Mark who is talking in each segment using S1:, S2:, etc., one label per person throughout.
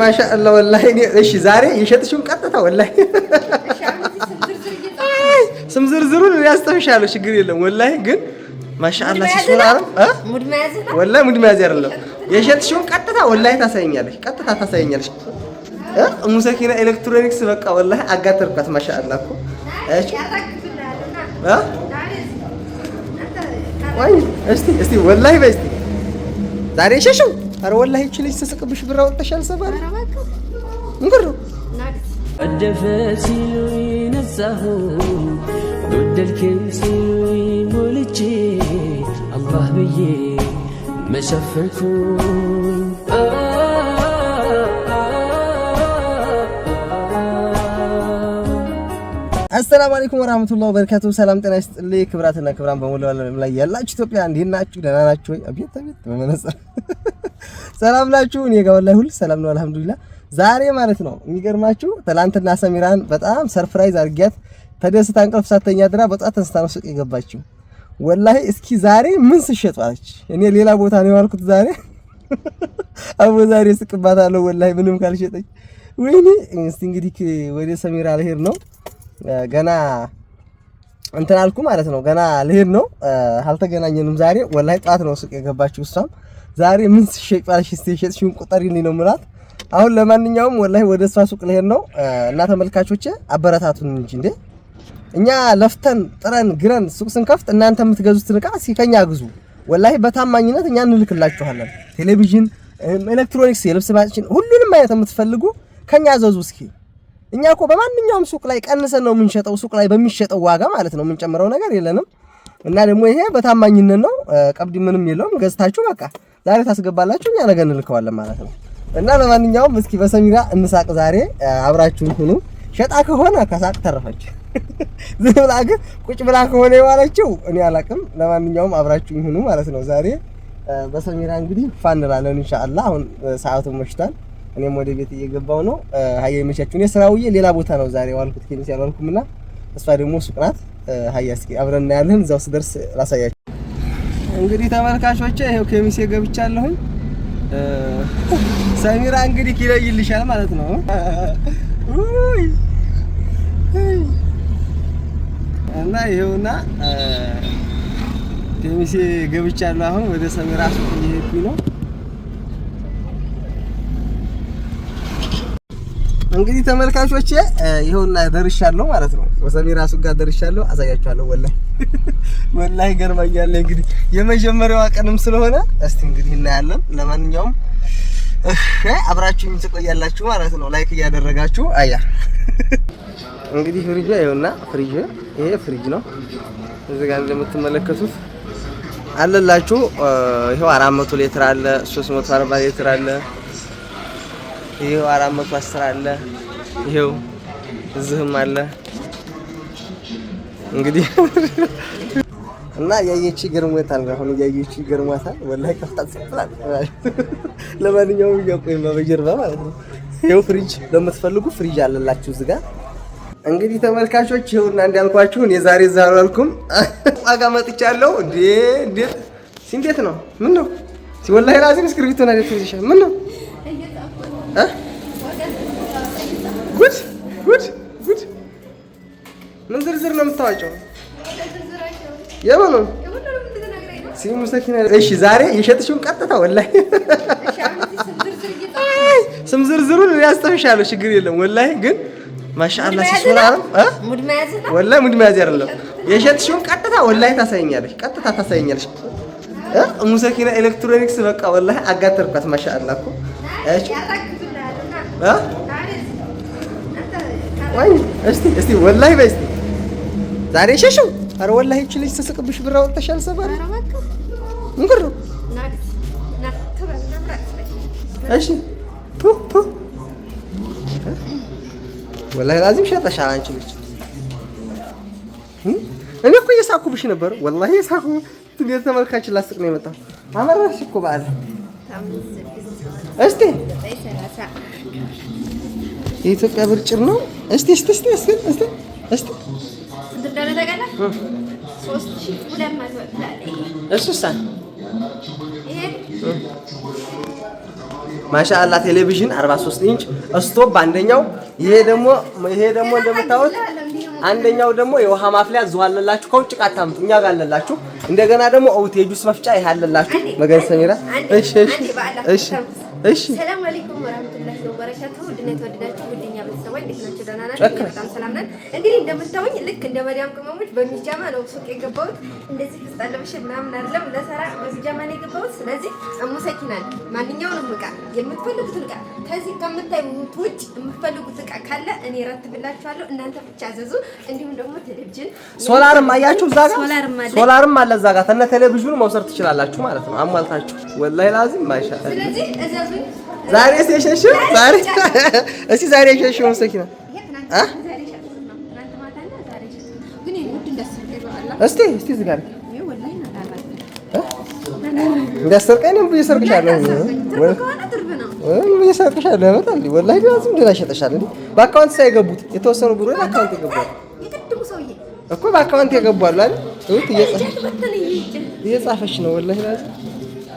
S1: ማሻአላ ወላሂ እሺ፣ ዛሬ የሸጥሽውን ቀጥታ ወላሂ ስም ዝርዝሩን ያስጠፍሻለሁ፣ ችግር የለም ወላሂ ግን ማሻአላ ሲሱራ ሙድ መያዝ አይደለም። የሸጥሽውን ቀጥታ ወላሂ ታሳይኛለሽ፣ ቀጥታ ታሳይኛለሽ። ሙሰኪና ኤሌክትሮኒክስ በቃ ወላሂ አጋተርኳት። ማሻአላ እኮ እሺ፣ እስቲ እስቲ ወላሂ በይ እስቲ ዛሬ ሸሽው አረ ወላሂ ይቺ ልጅ ስስቅብሽ ብር አወጣሽ አልሰባል እንግር
S2: ቀደፈ ነዛሁ ወደልክም ሲሉኝ ሞልቼ አላህ ብዬ መሸፈንኩኝ
S1: አሰላሙ አለይኩም ወራህመቱላሂ ወበረካቱ። ሰላም ጤና ይስጥልኝ ክብራትና ክብራን በሙሉ ዓለም ላይ ያላችሁ ኢትዮጵያ እንዴት ናችሁ? ደህና ናችሁ ወይ? አቤት አቤት በመነጽር ሰላም ላችሁ። እኔ ጋር ወላሂ ሁሉ ሰላም ነው፣ አልሐምዱሊላህ። ዛሬ ማለት ነው የሚገርማችሁ ትናንትና ሰሚራን በጣም ሰርፕራይዝ አድርጊያት ተደስታ እንቅልፍ ሳተኛ ድራ በጧት ተንስታ ነው ሱቅ የገባችው። ወላሂ እስኪ ዛሬ ምን ስሸጥ አለች። እኔ ሌላ ቦታ ነው ያልኩት፣ ዛሬ አቦ ዛሬ ስቅባታለሁ ወላሂ ምንም ካልሸጠች። ወይኔ እስቲ እንግዲህ ወደ ሰሚራ ልሄድ ነው ገና እንትን አልኩ ማለት ነው ገና ልሄድ ነው አልተገናኘንም ዛሬ ወላሂ ጠዋት ነው ሱቅ የገባችው እሷም ዛሬ ምን ስሸጥ ጣልሽ? የሸጥሽውን ቁጠሪልኝ ነው ምላት። አሁን ለማንኛውም ወላሂ ወደ እሷ ሱቅ ልሄድ ነው እና ተመልካቾች አበረታቱን እንጂ እንዴ እኛ ለፍተን ጥረን ግረን ሱቅ ስንከፍት እናንተ የምትገዙትን እቃ ሲከኛ ግዙ። ወላሂ በታማኝነት እኛ እንልክላችኋለን። ቴሌቪዥን፣ ኤሌክትሮኒክስ፣ የልብስ ማሽን፣ ሁሉንም አይነት የምትፈልጉ ከኛ ዘዙ እስኪ እኛ እኮ በማንኛውም ሱቅ ላይ ቀንሰን ነው የምንሸጠው። ሱቅ ላይ በሚሸጠው ዋጋ ማለት ነው፣ የምንጨምረው ነገር የለንም። እና ደግሞ ይሄ በታማኝነት ነው። ቀብድ ምንም የለውም። ገዝታችሁ በቃ ዛሬ ታስገባላችሁ፣ እኛ ነገ እንልከዋለን ማለት ነው። እና ለማንኛውም እስኪ በሰሚራ እንሳቅ ዛሬ አብራችሁን ሁኑ። ሸጣ ከሆነ ከሳቅ ተረፈች። ዝም ብላ ግን ቁጭ ብላ ከሆነ የዋለችው እኔ አላቅም። ለማንኛውም አብራችሁን ሁኑ ማለት ነው። ዛሬ በሰሚራ እንግዲህ ፋ እንላለን ኢንሻአላህ። አሁን ሰዓቱ መሽቷል። እኔም ወደ ቤት እየገባው ነው። ሀያ ይመቻችሁ። እኔ ስራ ውዬ ሌላ ቦታ ነው ዛሬ ዋልኩት፣ ኬሚስ ያልዋልኩም እና እሷ ደግሞ ሱቅ ናት። ሀያ እስኪ አብረን እናያለን። እዛው ስደርስ ላሳያችሁ። እንግዲህ ተመልካቾች ይሄው ከሚሴ ገብቻለሁኝ። ሰሚራ እንግዲህ ይለይልሻል ማለት ነው። እና ይሄውና ከሚሴ ገብቻለሁ። አሁን ወደ ሰሚራ ሱቅ እየሄድኩኝ ነው። እንግዲህ ተመልካቾቼ ይኸውና ደርሻለሁ ማለት ነው። ወሰሚ ራሱ ጋር ደርሻለሁ፣ አሳያችኋለሁ። ወላሂ ወላሂ ገርማኛለ። እንግዲህ የመጀመሪያዋ ቀንም ስለሆነ እስቲ እንግዲህ እናያለን። ለማንኛውም አብራችሁ ትቆያላችሁ ማለት ነው፣ ላይክ እያደረጋችሁ አያ እንግዲህ ፍሪጅ ይኸውና፣ ፍሪጅ ይሄ ፍሪጅ ነው። እዚህ ጋር እንደምትመለከቱት አለላችሁ። ይሄው 400 ሊትር አለ፣ 340 ሊትር አለ ይሄው አራት መቶ አስር አለ። ይሄው እዚህም አለ። እንግዲህ እና እያየች ገርሞታል። አሁን እያየች ገርሟታል። ወላሂ ከፍታ ጽፍላል። ለማንኛውም እያቆይ በጀርባ ማለት ነው። ይኸው ፍሪጅ ለምትፈልጉ ፍሪጅ አለላችሁ እዚህ ጋር እንግዲህ ተመልካቾች ይኸውና እንዳልኳችሁ እኔ ዛሬ እዛ አልኩም ዋጋ መጥቻለሁ። እንዴ እንዴት ሲንዴት ነው? ምን ነው ሲወላሂ ላዚም እስክሪብቶ ና ምን ነው ዝርዝር ነው የምታዋጭው። የምኑን ሲሙ ሰኪና። እሺ ዛሬ የሸጥሽውን ቀጥታ ወላሂ ስም ዝርዝሩን ያስጠፍሻለሁ። ችግር የለም ወላሂ ግን ማሻአላ ሲሱራ ወላሂ ሙድ መያዝ አይደለም። የሸጥሽውን ቀጥታ ወላሂ ታሳይኛለሽ፣ ቀጥታ ታሳይኛለሽ። እሙ ሰኪና ኤሌክትሮኒክስ በቃ ወላሂ አጋተርኳት። ማሻአላ እኮ እሺ እ እስቲ እስቲ ወላሂ በይ እስቲ ዛሬ ሸሽው። አረ ወላሂ ይቺ ልጅ ስስቅብሽ ብር አወጣሽ አልሰባሪ እንግሩ እሺ ወላሂ ላዚም ሸጠሻል አንቺ ልጅ። እኔ እኮ እየሳኩብሽ ነበር። ወላሂ የሳኩ ትቤት ተመልካችን ላስቅ ነው የመጣው። አመራሽ እኮ በዓል እስቲ የኢትዮጵያ ብር ጭር ነው። እስቲ እስቲ እስቲ እስቲ እስቲ እሱሳ ማሻአላ ቴሌቪዥን 43 ኢንች እስቶፕ በአንደኛው ይሄ ደግሞ ይሄ ደግሞ እንደምታዩት አንደኛው ደግሞ የውሃ ማፍለያ እዚሁ አለላችሁ። ከውጭ ቃታምጡ እኛ ጋር አለላችሁ። እንደገና ደግሞ ኦውት የጁስ መፍጫ ይሄ አለላችሁ። መገን ሰሚራ እሺ፣
S3: እሺ፣ እሺ፣ እሺ ወበረከቱ ድነ የተወደዳችሁ ጉድኛ ቤተሰቦች እንዴት ናቸው? ደህና ናቸው? በጣም ሰላም ነን። እንግዲህ እንደምታዩኝ ልክ እንደ መዳም ቅመሞች በሚጃማ ነው ሱቅ የገባሁት። እንደዚህ ክስጣለብሽ ምናምን አይደለም ለሰራ በሚጃማ ነው የገባሁት። ስለዚህ አሙሰኪናል ማንኛውንም ዕቃ የምትፈልጉት እቃ ከዚህ ከምታዩት ውጭ የምትፈልጉት ዕቃ ካለ እኔ ረትብላችኋለሁ። እናንተ ብቻ አዘዙ። እንዲሁም ደግሞ ቴሌቪዥን
S1: ሶላርም አያችሁ፣ እዛ ጋር ሶላርም አለ እዛ ጋር ተነ ቴሌቪዥኑ መውሰድ ትችላላችሁ ማለት ነው። አሟልታችሁ ወላሂ ላዚም ማይሻ ስለዚህ እዘዙኝ ዛሬ ሴሸሽ ዛሬ እስቲ ዛሬ ሸሽ ነው ሰኪና እስቲ እስቲ ዝጋል እንዳሰርቀኝ ብዬ ሰርቅሻለሁ። ብዬ ወላሂ ቢያንስ እንደና ሸጠሻለሁ። በአካውንት ሳይገቡት የተወሰኑ ብሩ አካውንት ይገባል እኮ በአካውንት ይገባሉ አይደል? እየጻፈች ነው ወላሂ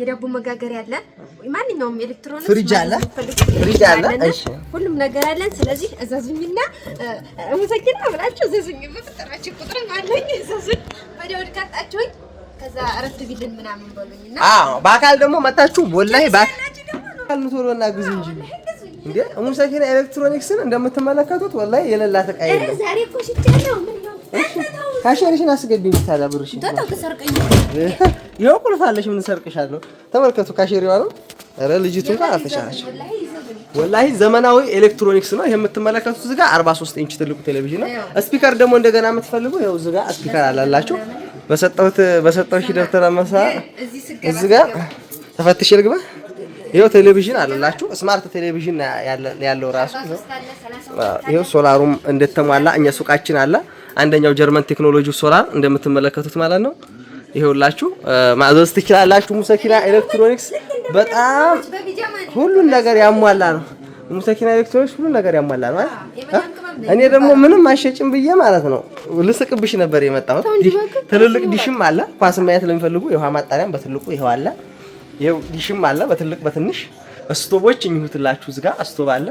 S3: የዳቦ መጋገር ያለ ማንኛውም ኤሌክትሮኒክስ
S1: ፍሪጅ አለ፣ ፍሪጅ አለ፣ እሺ
S3: ሁሉም ነገር አለን። ስለዚህ እዘዙኝና አመሰግና ብላችሁ እዘዙኝ። በፈጠራችሁ ቁጥር ማለኝ እዘዙኝ። በደውል ካጣችሁኝ ከዛ እረፍት ቢልን ምናምን በሉኝና፣
S1: አዎ በአካል ደግሞ መታችሁ ወላሂ ባካል ቶሎ እና ግዙ እንጂ እንዴ እሙ ኤሌክትሮኒክስን እንደምትመለከቱት ወላሂ የሌላት ዕቃ የለም። ዛሬ እኮ ሽጫለሁ። ምን ነው ካሽርሽን አስገቢኝ ታዲያ ተሰርቀኝ ይኸው ቁልፍ አለሽ። ምን ሰርቅሻለሁ? ተመልከቱ። ካሽሪው ነው። ኧረ ልጅቱ ጋር አልተቻላቸው። ወላሂ ዘመናዊ ኤሌክትሮኒክስ ነው የምትመለከቱት። እዚህ ጋር 43 ኢንች ትልቁ ቴሌቪዥን ነው። ስፒከር ደግሞ እንደገና የምትፈልጉ ይኸው እዚህ ጋር ስፒከር አላላችሁ። በሰጠሁት በሰጠሁሽ ደብተራ መሳ እዚህ ጋር ተፈትሽ ልግባ። ይኸው ቴሌቪዥን አለላችሁ። ስማርት ቴሌቪዥን ያለው ራሱ ይኸው ሶላሩም እንደተሟላ እኛ ሱቃችን አለ። አንደኛው ጀርመን ቴክኖሎጂ ሶላር እንደምትመለከቱት ማለት ነው። ይሄውላችሁ ማዘዝ ትችላላችሁ። ሙሰኪና ኤሌክትሮኒክስ በጣም ሁሉን ነገር ያሟላ ነው። ሙሰኪና ኤሌክትሮኒክስ ሁሉን ነገር ያሟላ ነው። እኔ ደግሞ ምንም አሸጭም ብዬ ማለት ነው ልስቅብሽ ነበር የመጣሁት። ትልልቅ ዲሽም አለ ኳስ ማየት ለሚፈልጉ የውሃ ማጣሪያም በትልቁ ይኸው አለ። ይኸው ዲሽም አለ በትልቅ በትንሽ ስቶቦች የሚሁትላችሁ ጋር ስቶብ አለ።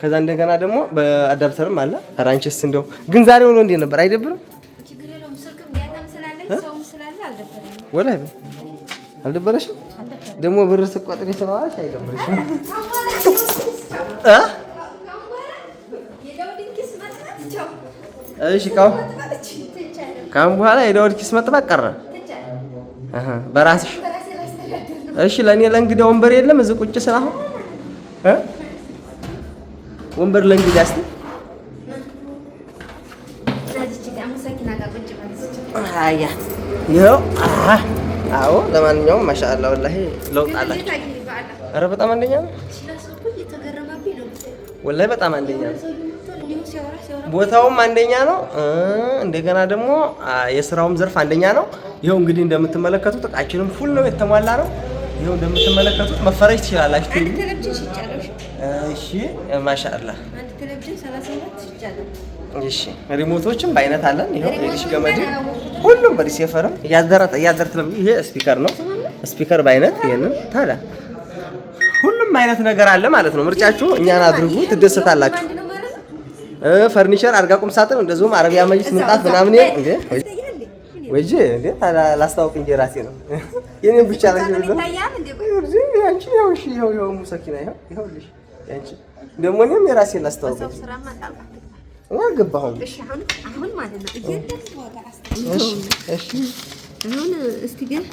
S1: ከዛ እንደገና ደግሞ በአዳፕተርም አለ። ራንችስ እንደው ግን ዛሬ ሆኖ እንዴት ነበር አይደብርም? ወላሂ አልደበረሽም? ደግሞ ብር ስቆጥር ስለዋልሽ አይደበረሽም? እሺ ካሁን በኋላ የዳውድ ኪስ መጥበቅ ቀረ በራስሽ። እሺ ለእኔ ለእንግዳ ወንበር የለም እዚህ ቁጭ ስላሁን ወንበር ለእንግዳ እስኪ አያት ይኸው አዎ። ለማንኛውም ማሻአላ ወላሂ ለውጥ አላቸው። ኧረ በጣም አንደኛ ነው ወላሂ በጣም አንደኛ ነው። ቦታውም አንደኛ ነው። እንደገና ደግሞ የስራውም ዘርፍ አንደኛ ነው። ይኸው እንግዲህ እንደምትመለከቱት እቃችንም ፉል ነው፣ የተሟላ ነው። ይኸው እንደምትመለከቱት መፈረጅ ትችላላችሁ። እሺ ማሻአላ እሺ ሪሞቶችም በአይነት አለን። ይኸው ገመድ ሁሉም በሪሴፈርም እያዘርት ነው። ይሄ ስፒከር ነው። ስፒከር በአይነት ይሄንን ታላ ሁሉም አይነት ነገር አለ ማለት ነው። ምርጫችሁ እኛን አድርጉ፣ ትደሰታላችሁ። ፈርኒቸር፣ አልጋ፣ ቁም ሳጥን እንደዚሁም አረቢያ መጅት፣ ምንጣፍ ምናምን እንዴ ወጂ እንዴ ታላ ላስታውቅ እንጂ ራሴ ነው የኔን ብቻ ላይ ነው ያንቺ ያው እሺ፣ ይኸው ይኸው ሙሰኪና ይኸው ልጅ ያንቺ ደግሞ እኔም የራሴን ላስታውቅ አልገባሁም። አሁን ማለት ነው
S3: አሁን እስቲ ግን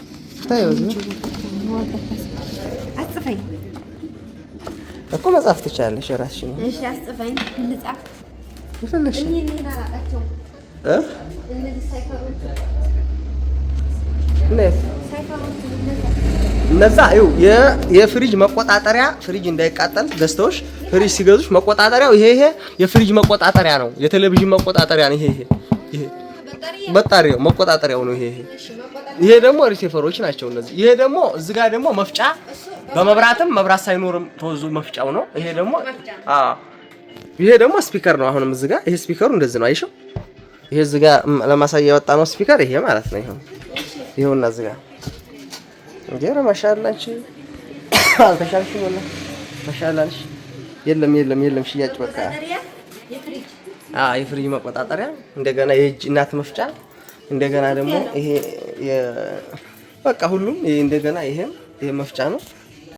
S1: አጽፈኝ እኮ መጽሐፍ ትችላለሽ እራስሽ ነው። እሺ አስጽፈኝ። እንጻፍ እኔ እ እነዛ ይኸው የፍሪጅ መቆጣጠሪያ ፍሪጅ እንዳይቃጠል ገዝተውሽ ፍሪጅ ሲገዙሽ መቆጣጠሪያው ይሄ ይሄ የፍሪጅ መቆጣጠሪያ ነው። የቴሌቪዥን መቆጣጠሪያ ነው። ይሄ ይሄ ይሄ በጣሪያው መቆጣጠሪያው ነው። ይሄ ይሄ ይሄ ደግሞ ሪሴፈሮች ናቸው እነዚህ። ይሄ ደግሞ እዚህ ጋር ደግሞ መፍጫ በመብራትም መብራት ሳይኖርም ተወዙ መፍጫው ነው። ይሄ ደግሞ አዎ ይሄ ደግሞ ስፒከር ነው። አሁንም እዚህ ጋር ይሄ ስፒከሩ እንደዚህ ነው። አይሽው ይሄ እዚህ ጋር ለማሳያ የወጣ ነው ስፒከር ይሄ ማለት ነው። ይሄው ይሄውና እዚህ ጋር እንጀራ ማሻአላህ አንቺ አልተሻልሽም ወላ ማሻአላህ የለም የለም የለም፣ ሽያጭ በቃ የፍሪጅ መቆጣጠሪያ እንደገና የእጅ እናት መፍጫ እንደገና ደግሞ ይሄ በቃ ሁሉም እንደገና ይሄም ይሄ መፍጫ ነው።